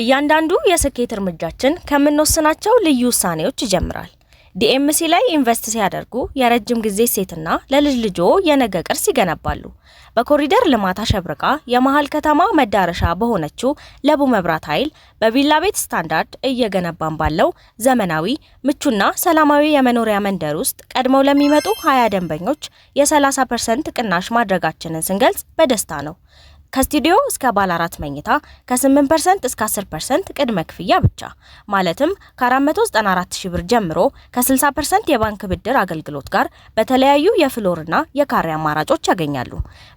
እያንዳንዱ የስኬት እርምጃችን ከምንወስናቸው ልዩ ውሳኔዎች ይጀምራል። ዲኤምሲ ላይ ኢንቨስት ሲያደርጉ የረጅም ጊዜ ሴትና ለልጅ ልጆ የነገ ቅርስ ይገነባሉ። በኮሪደር ልማት አሸብርቃ የመሀል ከተማ መዳረሻ በሆነችው ለቡ መብራት ኃይል በቪላ ቤት ስታንዳርድ እየገነባን ባለው ዘመናዊ ምቹና ሰላማዊ የመኖሪያ መንደር ውስጥ ቀድመው ለሚመጡ ሀያ ደንበኞች የ30 ፐርሰንት ቅናሽ ማድረጋችንን ስንገልጽ በደስታ ነው። ከስቱዲዮ እስከ ባለ አራት መኝታ ከ8 እስከ 10 ቅድመ ክፍያ ብቻ ማለትም ከ 494000 ብር ጀምሮ ከ60 የባንክ ብድር አገልግሎት ጋር በተለያዩ የፍሎርና የካሬ አማራጮች ያገኛሉ።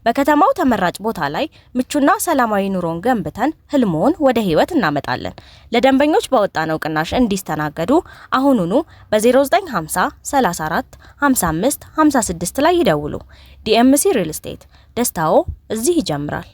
በከተማው ተመራጭ ቦታ ላይ ምቹና ሰላማዊ ኑሮን ገንብተን ህልሞን ወደ ህይወት እናመጣለን። ለደንበኞች በወጣነው ቅናሽ እንዲስተናገዱ አሁኑኑ በ0950 34 55 56 ላይ ይደውሉ። ዲኤምሲ ሪል ስቴት ደስታዎ እዚህ ይጀምራል።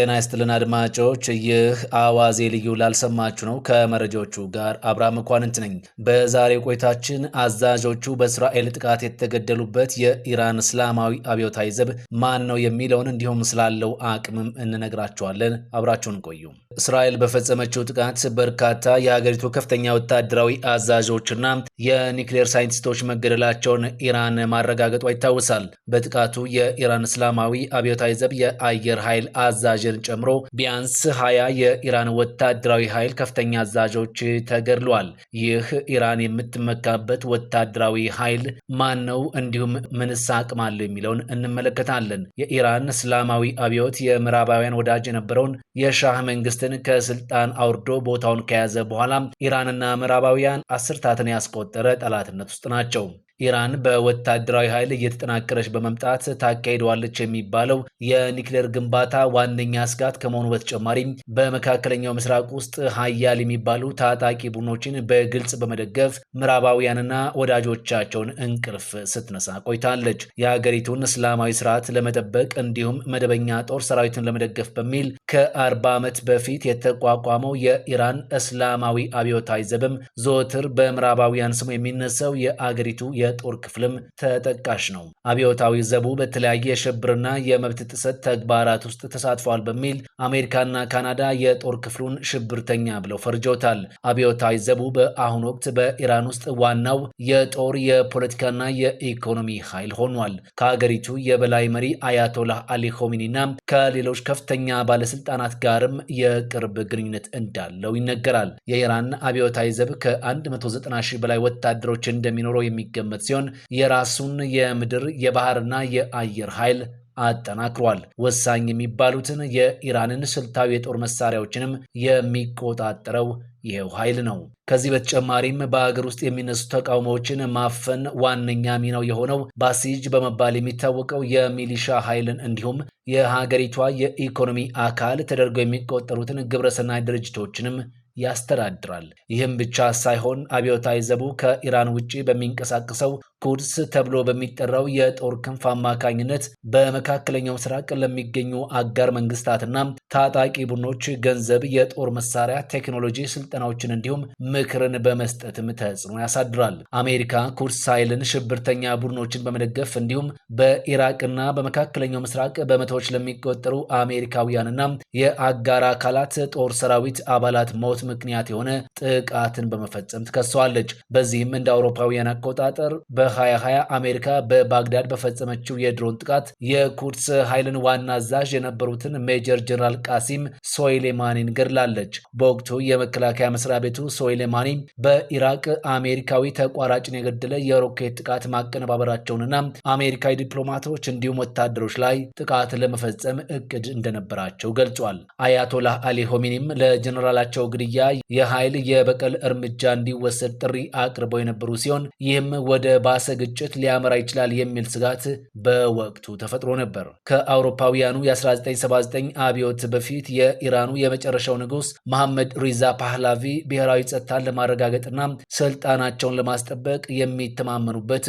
ጤና ይስጥልን አድማጮች፣ ይህ አዋዜ ልዩ ላልሰማችሁ ነው። ከመረጃዎቹ ጋር አብርሃም መኳንንት ነኝ። በዛሬው ቆይታችን አዛዦቹ በእስራኤል ጥቃት የተገደሉበት የኢራን እስላማዊ አብዮታዊ ዘብ ማን ነው የሚለውን እንዲሁም ስላለው አቅምም እንነግራችኋለን። አብራችሁን ቆዩ። እስራኤል በፈጸመችው ጥቃት በርካታ የሀገሪቱ ከፍተኛ ወታደራዊ አዛዦችና የኒክሌር ሳይንቲስቶች መገደላቸውን ኢራን ማረጋገጧ ይታወሳል። በጥቃቱ የኢራን እስላማዊ አብዮታዊ ዘብ የአየር ኃይል አዛ አዛዥን ጨምሮ ቢያንስ ሀያ የኢራን ወታደራዊ ኃይል ከፍተኛ አዛዦች ተገድሏል። ይህ ኢራን የምትመካበት ወታደራዊ ኃይል ማን ነው? እንዲሁም ምንስ አቅም አለው የሚለውን እንመለከታለን። የኢራን እስላማዊ አብዮት የምዕራባውያን ወዳጅ የነበረውን የሻህ መንግስትን ከስልጣን አውርዶ ቦታውን ከያዘ በኋላ ኢራንና ምዕራባውያን አስርታትን ያስቆጠረ ጠላትነት ውስጥ ናቸው። ኢራን በወታደራዊ ኃይል እየተጠናከረች በመምጣት ታካሂደዋለች የሚባለው የኒክሌር ግንባታ ዋነኛ ስጋት ከመሆኑ በተጨማሪ በመካከለኛው ምስራቅ ውስጥ ሀያል የሚባሉ ታጣቂ ቡድኖችን በግልጽ በመደገፍ ምዕራባውያንና ወዳጆቻቸውን እንቅልፍ ስትነሳ ቆይታለች። የሀገሪቱን እስላማዊ ስርዓት ለመጠበቅ እንዲሁም መደበኛ ጦር ሰራዊትን ለመደገፍ በሚል ከአርባ ዓመት በፊት የተቋቋመው የኢራን እስላማዊ አብዮታዊ ዘብም ዞትር በምዕራባውያን ስሙ የሚነሳው የአገሪቱ የጦር ክፍልም ተጠቃሽ ነው። አብዮታዊ ዘቡ በተለያየ የሽብርና የመብት ጥሰት ተግባራት ውስጥ ተሳትፏል በሚል አሜሪካና ካናዳ የጦር ክፍሉን ሽብርተኛ ብለው ፈርጀውታል። አብዮታዊ ዘቡ በአሁኑ ወቅት በኢራን ውስጥ ዋናው የጦር የፖለቲካና የኢኮኖሚ ኃይል ሆኗል። ከሀገሪቱ የበላይ መሪ አያቶላህ አሊ ሆሚኒና ከሌሎች ከፍተኛ ባለስልጣናት ጋርም የቅርብ ግንኙነት እንዳለው ይነገራል። የኢራን አብዮታዊ ዘብ ከ190 ሺህ በላይ ወታደሮች እንደሚኖረው የሚገመ የሚገመት ሲሆን የራሱን የምድር የባህርና የአየር ኃይል አጠናክሯል። ወሳኝ የሚባሉትን የኢራንን ስልታዊ የጦር መሳሪያዎችንም የሚቆጣጠረው ይኸው ኃይል ነው። ከዚህ በተጨማሪም በሀገር ውስጥ የሚነሱ ተቃውሞዎችን ማፈን ዋነኛ ሚናው የሆነው ባሲጅ በመባል የሚታወቀው የሚሊሻ ኃይልን እንዲሁም የሀገሪቷ የኢኮኖሚ አካል ተደርገው የሚቆጠሩትን ግብረሰናይ ድርጅቶችንም ያስተዳድራል። ይህም ብቻ ሳይሆን አብዮታዊ ዘቡ ከኢራን ውጭ በሚንቀሳቀሰው ቁድስ ተብሎ በሚጠራው የጦር ክንፍ አማካኝነት በመካከለኛው ምስራቅ ለሚገኙ አጋር መንግስታትና ታጣቂ ቡድኖች ገንዘብ፣ የጦር መሳሪያ፣ ቴክኖሎጂ፣ ስልጠናዎችን እንዲሁም ምክርን በመስጠትም ተጽዕኖ ያሳድራል። አሜሪካ ኩድስ ኃይልን ሽብርተኛ ቡድኖችን በመደገፍ እንዲሁም በኢራቅና በመካከለኛው ምስራቅ በመቶዎች ለሚቆጠሩ አሜሪካውያንና የአጋር አካላት ጦር ሰራዊት አባላት ሞት ምክንያት የሆነ ጥቃትን በመፈጸም ትከሰዋለች። በዚህም እንደ አውሮፓውያን አቆጣጠር በ በ አሜሪካ በባግዳድ በፈጸመችው የድሮን ጥቃት የኩድስ ኃይልን ዋና አዛዥ የነበሩትን ሜጀር ጀነራል ቃሲም ሶይሌማኒን ገድላለች። በወቅቱ የመከላከያ መስሪያ ቤቱ ሶይሌማኒ በኢራቅ አሜሪካዊ ተቋራጭን የገደለ የሮኬት ጥቃት ማቀነባበራቸውንና አሜሪካዊ ዲፕሎማቶች እንዲሁም ወታደሮች ላይ ጥቃት ለመፈጸም እቅድ እንደነበራቸው ገልጿል። አያቶላህ አሊ ሆሚኒም ለጀነራላቸው ግድያ የኃይል የበቀል እርምጃ እንዲወሰድ ጥሪ አቅርበው የነበሩ ሲሆን ይህም ወደ ባ የባሰ ግጭት ሊያመራ ይችላል የሚል ስጋት በወቅቱ ተፈጥሮ ነበር። ከአውሮፓውያኑ የ1979 አብዮት በፊት የኢራኑ የመጨረሻው ንጉስ መሐመድ ሪዛ ፓህላቪ ብሔራዊ ጸጥታን ለማረጋገጥና ስልጣናቸውን ለማስጠበቅ የሚተማመኑበት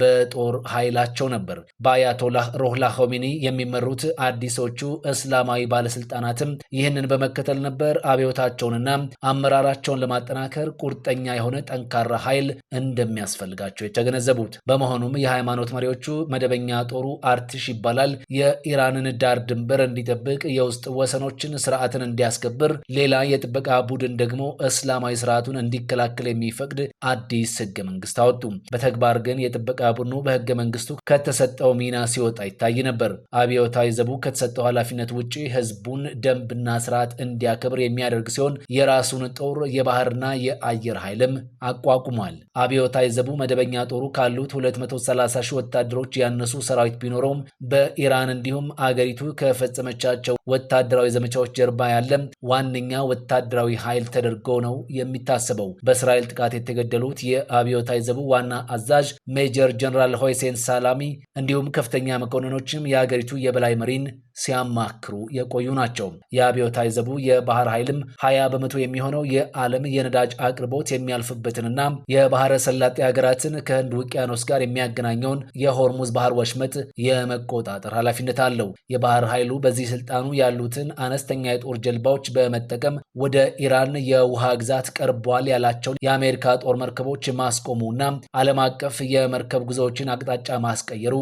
በጦር ኃይላቸው ነበር። በአያቶላህ ሮህላ ሆሚኒ የሚመሩት አዲሶቹ እስላማዊ ባለስልጣናትም ይህንን በመከተል ነበር አብዮታቸውንና አመራራቸውን ለማጠናከር ቁርጠኛ የሆነ ጠንካራ ኃይል እንደሚያስፈልጋቸው የተገነዘቡት። በመሆኑም የሃይማኖት መሪዎቹ መደበኛ ጦሩ አርትሽ ይባላል፣ የኢራንን ዳር ድንበር እንዲጠብቅ፣ የውስጥ ወሰኖችን ስርዓትን እንዲያስከብር፣ ሌላ የጥበቃ ቡድን ደግሞ እስላማዊ ስርዓቱን እንዲከላከል የሚፈቅድ አዲስ ህገ መንግስት አወጡ። በተግባር ግን የጥበቃ ቡድኑ በህገ መንግስቱ ከተሰጠው ሚና ሲወጣ ይታይ ነበር። አብዮታዊ ዘቡ ከተሰጠው ኃላፊነት ውጪ ህዝቡን ደንብና ስርዓት እንዲያከብር የሚያደርግ ሲሆን የራሱን ጦር የባህርና የአየር ኃይልም አቋቁሟል። አብዮታዊ ዘቡ መደበኛ ጦሩ ካሉት 230 ሺህ ወታደሮች ያነሱ ሰራዊት ቢኖረውም በኢራን እንዲሁም አገሪቱ ከፈጸመቻቸው ወታደራዊ ዘመቻዎች ጀርባ ያለ ዋነኛ ወታደራዊ ኃይል ተደርጎ ነው የሚታሰበው። በእስራኤል ጥቃት የተገደሉት የአብዮታዊ ዘቡ ዋና አዛዥ ሜጀር ሜጀር ጀነራል ሆይሴን ሳላሚ እንዲሁም ከፍተኛ መኮንኖችም የአገሪቱ የበላይ መሪን ሲያማክሩ የቆዩ ናቸው። የአብዮታዊ ዘቡ የባህር ኃይልም ሀያ በመቶ የሚሆነው የዓለም የነዳጅ አቅርቦት የሚያልፍበትንና የባህረ ሰላጤ ሀገራትን ከህንድ ውቅያኖስ ጋር የሚያገናኘውን የሆርሙዝ ባህር ወሽመጥ የመቆጣጠር ኃላፊነት አለው። የባህር ኃይሉ በዚህ ስልጣኑ ያሉትን አነስተኛ የጦር ጀልባዎች በመጠቀም ወደ ኢራን የውሃ ግዛት ቀርቧል ያላቸውን የአሜሪካ ጦር መርከቦች ማስቆሙና ዓለም አቀፍ የመርከብ ጉዞዎችን አቅጣጫ ማስቀየሩ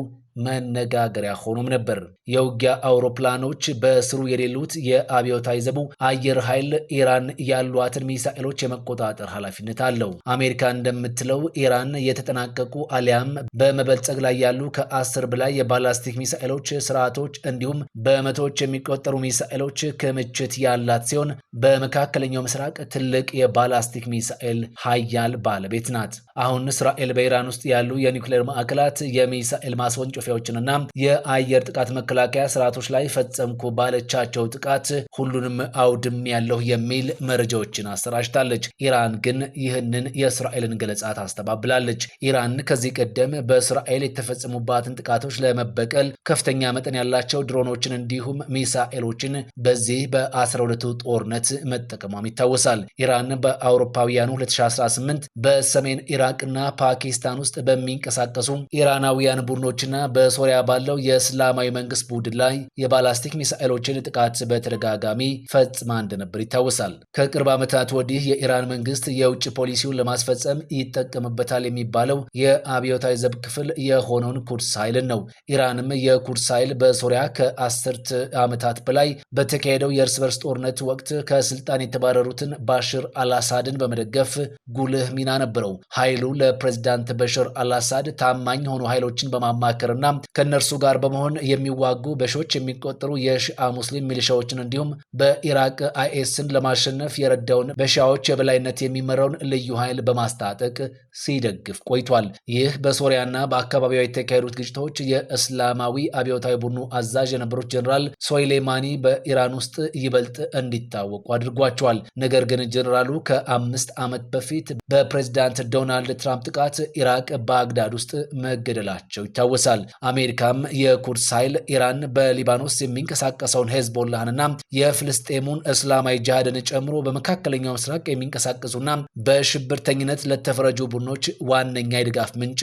መነጋገሪያ ሆኖም ነበር። የውጊያ አውሮፕላኖች በስሩ የሌሉት የአብዮታዊ ዘቡ አየር ኃይል ኢራን ያሏትን ሚሳኤሎች የመቆጣጠር ኃላፊነት አለው። አሜሪካ እንደምትለው ኢራን የተጠናቀቁ አሊያም በመበልጸግ ላይ ያሉ ከአስር በላይ የባላስቲክ ሚሳኤሎች ስርዓቶች እንዲሁም በመቶዎች የሚቆጠሩ ሚሳኤሎች ክምችት ያላት ሲሆን በመካከለኛው ምስራቅ ትልቅ የባላስቲክ ሚሳኤል ሀያል ባለቤት ናት። አሁን እስራኤል በኢራን ውስጥ ያሉ የኒውክሌር ማዕከላት የሚሳኤል ማስወንጮ ማጨፍጨፊያዎችንና የአየር ጥቃት መከላከያ ስርዓቶች ላይ ፈጸምኩ ባለቻቸው ጥቃት ሁሉንም አውድም ያለሁ የሚል መረጃዎችን አሰራጭታለች። ኢራን ግን ይህንን የእስራኤልን ገለጻ ታስተባብላለች። ኢራን ከዚህ ቀደም በእስራኤል የተፈጸሙባትን ጥቃቶች ለመበቀል ከፍተኛ መጠን ያላቸው ድሮኖችን እንዲሁም ሚሳኤሎችን በዚህ በ12ቱ ጦርነት መጠቀሟም ይታወሳል። ኢራን በአውሮፓውያኑ 2018 በሰሜን ኢራቅና ፓኪስታን ውስጥ በሚንቀሳቀሱ ኢራናውያን ቡድኖችና በሶሪያ ባለው የእስላማዊ መንግስት ቡድን ላይ የባላስቲክ ሚሳኤሎችን ጥቃት በተደጋጋሚ ፈጽማ እንደነበር ይታወሳል። ከቅርብ ዓመታት ወዲህ የኢራን መንግስት የውጭ ፖሊሲውን ለማስፈጸም ይጠቀምበታል የሚባለው የአብዮታዊ ዘብ ክፍል የሆነውን ኩድስ ኃይልን ነው። ኢራንም የኩድስ ኃይል በሶሪያ ከአስርት ዓመታት በላይ በተካሄደው የእርስ በርስ ጦርነት ወቅት ከስልጣን የተባረሩትን ባሽር አልአሳድን በመደገፍ ጉልህ ሚና ነበረው። ኃይሉ ለፕሬዚዳንት በሽር አልአሳድ ታማኝ የሆኑ ኃይሎችን በማማከርና የሚመሩና ከእነርሱ ጋር በመሆን የሚዋጉ በሺዎች የሚቆጠሩ የሺአ ሙስሊም ሚሊሻዎችን እንዲሁም በኢራቅ አይኤስን ለማሸነፍ የረዳውን በሺያዎች የበላይነት የሚመራውን ልዩ ኃይል በማስታጠቅ ሲደግፍ ቆይቷል። ይህ በሶሪያና በአካባቢዋ የተካሄዱት ግጭቶች የእስላማዊ አብዮታዊ ቡድኑ አዛዥ የነበሩት ጀኔራል ሶሌማኒ በኢራን ውስጥ ይበልጥ እንዲታወቁ አድርጓቸዋል። ነገር ግን ጀኔራሉ ከአምስት ዓመት በፊት በፕሬዚዳንት ዶናልድ ትራምፕ ጥቃት ኢራቅ ባግዳድ ውስጥ መገደላቸው ይታወሳል። አሜሪካም የኩርስ ኃይል ኢራን በሊባኖስ የሚንቀሳቀሰውን ሄዝቦላህንና የፍልስጤሙን እስላማዊ ጅሃድን ጨምሮ በመካከለኛው ምስራቅ የሚንቀሳቀሱና በሽብርተኝነት ለተፈረጁ ቡድኖች ዋነኛ የድጋፍ ምንጭ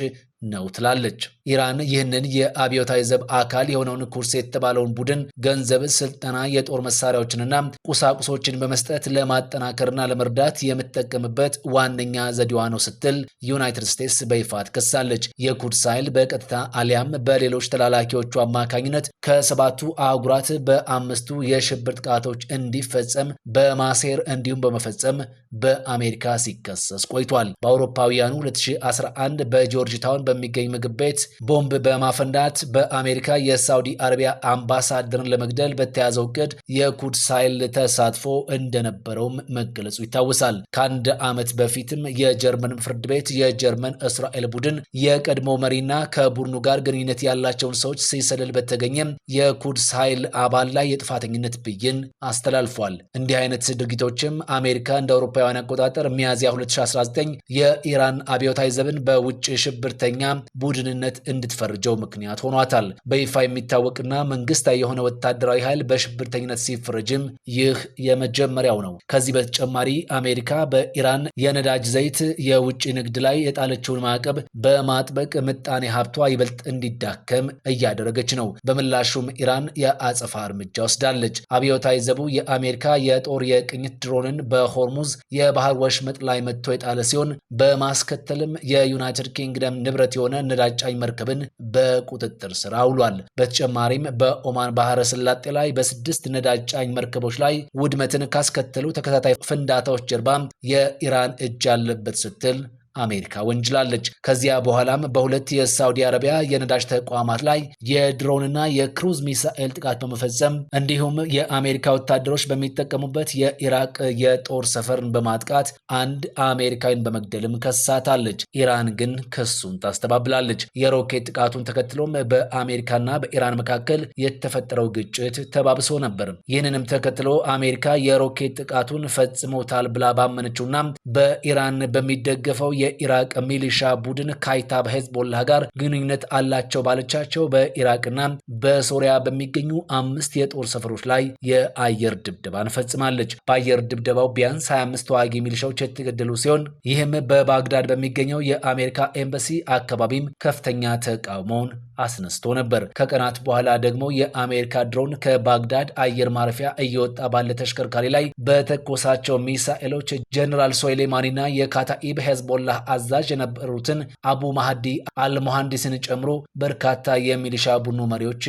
ነው ትላለች። ኢራን ይህንን የአብዮታዊ ዘብ አካል የሆነውን ኩርስ የተባለውን ቡድን ገንዘብ፣ ስልጠና፣ የጦር መሳሪያዎችንና ቁሳቁሶችን በመስጠት ለማጠናከርና ለመርዳት የምትጠቀምበት ዋነኛ ዘዴዋ ነው ስትል ዩናይትድ ስቴትስ በይፋ ትከሳለች። የኩርስ ኃይል በቀጥታ አሊያም በሌሎች ተላላኪዎቹ አማካኝነት ከሰባቱ አህጉራት በአምስቱ የሽብር ጥቃቶች እንዲፈጸም በማሴር እንዲሁም በመፈጸም በአሜሪካ ሲከሰስ ቆይቷል። በአውሮፓውያኑ 2011 በጆርጅ ታውን በሚገኝ ምግብ ቤት ቦምብ በማፈንዳት በአሜሪካ የሳውዲ አረቢያ አምባሳደርን ለመግደል በተያዘው እቅድ የኩድስ ኃይል ተሳትፎ እንደነበረውም መገለጹ ይታወሳል። ከአንድ ዓመት በፊትም የጀርመን ፍርድ ቤት የጀርመን እስራኤል ቡድን የቀድሞ መሪና ከቡድኑ ጋር ግንኙነት ያላቸውን ሰዎች ሲሰልል በተገኘም የኩድስ ኃይል አባል ላይ የጥፋተኝነት ብይን አስተላልፏል። እንዲህ አይነት ድርጊቶችም አሜሪካ እንደ አውሮፓውያን አቆጣጠር ሚያዝያ 2019 የኢራን አብዮታዊ ዘብን በውጭ ሽብርተኛ ቡድንነት እንድትፈርጀው ምክንያት ሆኗታል። በይፋ የሚታወቅና መንግስታዊ የሆነ ወታደራዊ ኃይል በሽብርተኝነት ሲፈረጅም ይህ የመጀመሪያው ነው። ከዚህ በተጨማሪ አሜሪካ በኢራን የነዳጅ ዘይት የውጭ ንግድ ላይ የጣለችውን ማዕቀብ በማጥበቅ ምጣኔ ሀብቷ ይበልጥ እንዲዳከም እያደረገች ነው። በምላ ምላሹም ኢራን የአጸፋ እርምጃ ወስዳለች። አብዮታዊ ዘቡ የአሜሪካ የጦር የቅኝት ድሮንን በሆርሙዝ የባህር ወሽመጥ ላይ መጥቶ የጣለ ሲሆን በማስከተልም የዩናይትድ ኪንግደም ንብረት የሆነ ነዳጅ ጫኝ መርከብን በቁጥጥር ስር አውሏል። በተጨማሪም በኦማን ባህረ ስላጤ ላይ በስድስት ነዳጅ ጫኝ መርከቦች ላይ ውድመትን ካስከተሉ ተከታታይ ፍንዳታዎች ጀርባ የኢራን እጅ አለበት ስትል አሜሪካ ወንጅላለች። ከዚያ በኋላም በሁለት የሳውዲ አረቢያ የነዳጅ ተቋማት ላይ የድሮንና የክሩዝ ሚሳኤል ጥቃት በመፈጸም እንዲሁም የአሜሪካ ወታደሮች በሚጠቀሙበት የኢራቅ የጦር ሰፈርን በማጥቃት አንድ አሜሪካዊን በመግደልም ከሳታለች። ኢራን ግን ክሱን ታስተባብላለች። የሮኬት ጥቃቱን ተከትሎም በአሜሪካና በኢራን መካከል የተፈጠረው ግጭት ተባብሶ ነበር። ይህንንም ተከትሎ አሜሪካ የሮኬት ጥቃቱን ፈጽሞታል ብላ ባመነችውና በኢራን በሚደገፈው የኢራቅ ሚሊሻ ቡድን ካይታብ ሄዝቦላ ጋር ግንኙነት አላቸው ባለቻቸው በኢራቅና በሶሪያ በሚገኙ አምስት የጦር ሰፈሮች ላይ የአየር ድብደባን ፈጽማለች። በአየር ድብደባው ቢያንስ 25 ተዋጊ ሚሊሻዎች የተገደሉ ሲሆን ይህም በባግዳድ በሚገኘው የአሜሪካ ኤምባሲ አካባቢም ከፍተኛ ተቃውሞውን አስነስቶ ነበር። ከቀናት በኋላ ደግሞ የአሜሪካ ድሮን ከባግዳድ አየር ማረፊያ እየወጣ ባለ ተሽከርካሪ ላይ በተኮሳቸው ሚሳኤሎች ጀኔራል ሶሌማኒና የካታኢብ ሄዝቦላ የሂዝቡላህ አዛዥ የነበሩትን አቡ ማህዲ አልሙሐንዲስን ጨምሮ በርካታ የሚሊሻ ቡኑ መሪዎች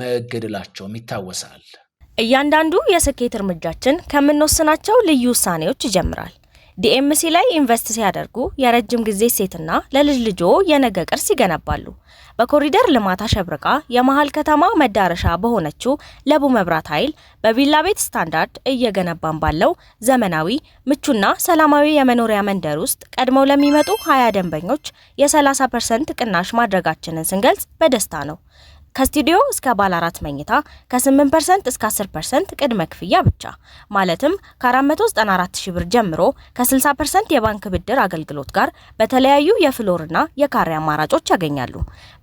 መገደላቸውም ይታወሳል። እያንዳንዱ የስኬት እርምጃችን ከምንወስናቸው ልዩ ውሳኔዎች ይጀምራል። ዲኤምሲ ላይ ኢንቨስት ሲያደርጉ የረጅም ጊዜ ሴትና ለልጅ ልጆ የነገ ቅርስ ይገነባሉ። በኮሪደር ልማት አሸብርቃ የመሀል ከተማ መዳረሻ በሆነችው ለቡ መብራት ኃይል በቪላ ቤት ስታንዳርድ እየገነባን ባለው ዘመናዊ ምቹና ሰላማዊ የመኖሪያ መንደር ውስጥ ቀድመው ለሚመጡ ሀያ ደንበኞች የ30 ፐርሰንት ቅናሽ ማድረጋችንን ስንገልጽ በደስታ ነው። ከስቱዲዮ እስከ ባለ አራት መኝታ ከ8% እስከ 10% ቅድመ ክፍያ ብቻ ማለትም ከ494000 ብር ጀምሮ ከ60% የባንክ ብድር አገልግሎት ጋር በተለያዩ የፍሎርና የካሬ አማራጮች ያገኛሉ።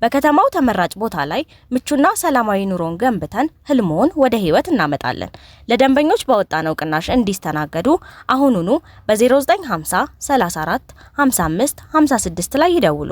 በከተማው ተመራጭ ቦታ ላይ ምቹና ሰላማዊ ኑሮን ገንብተን ህልሞን ወደ ህይወት እናመጣለን። ለደንበኞች በወጣነው ቅናሽ እንዲስተናገዱ አሁኑኑ በ0950 34 55 56 ላይ ይደውሉ።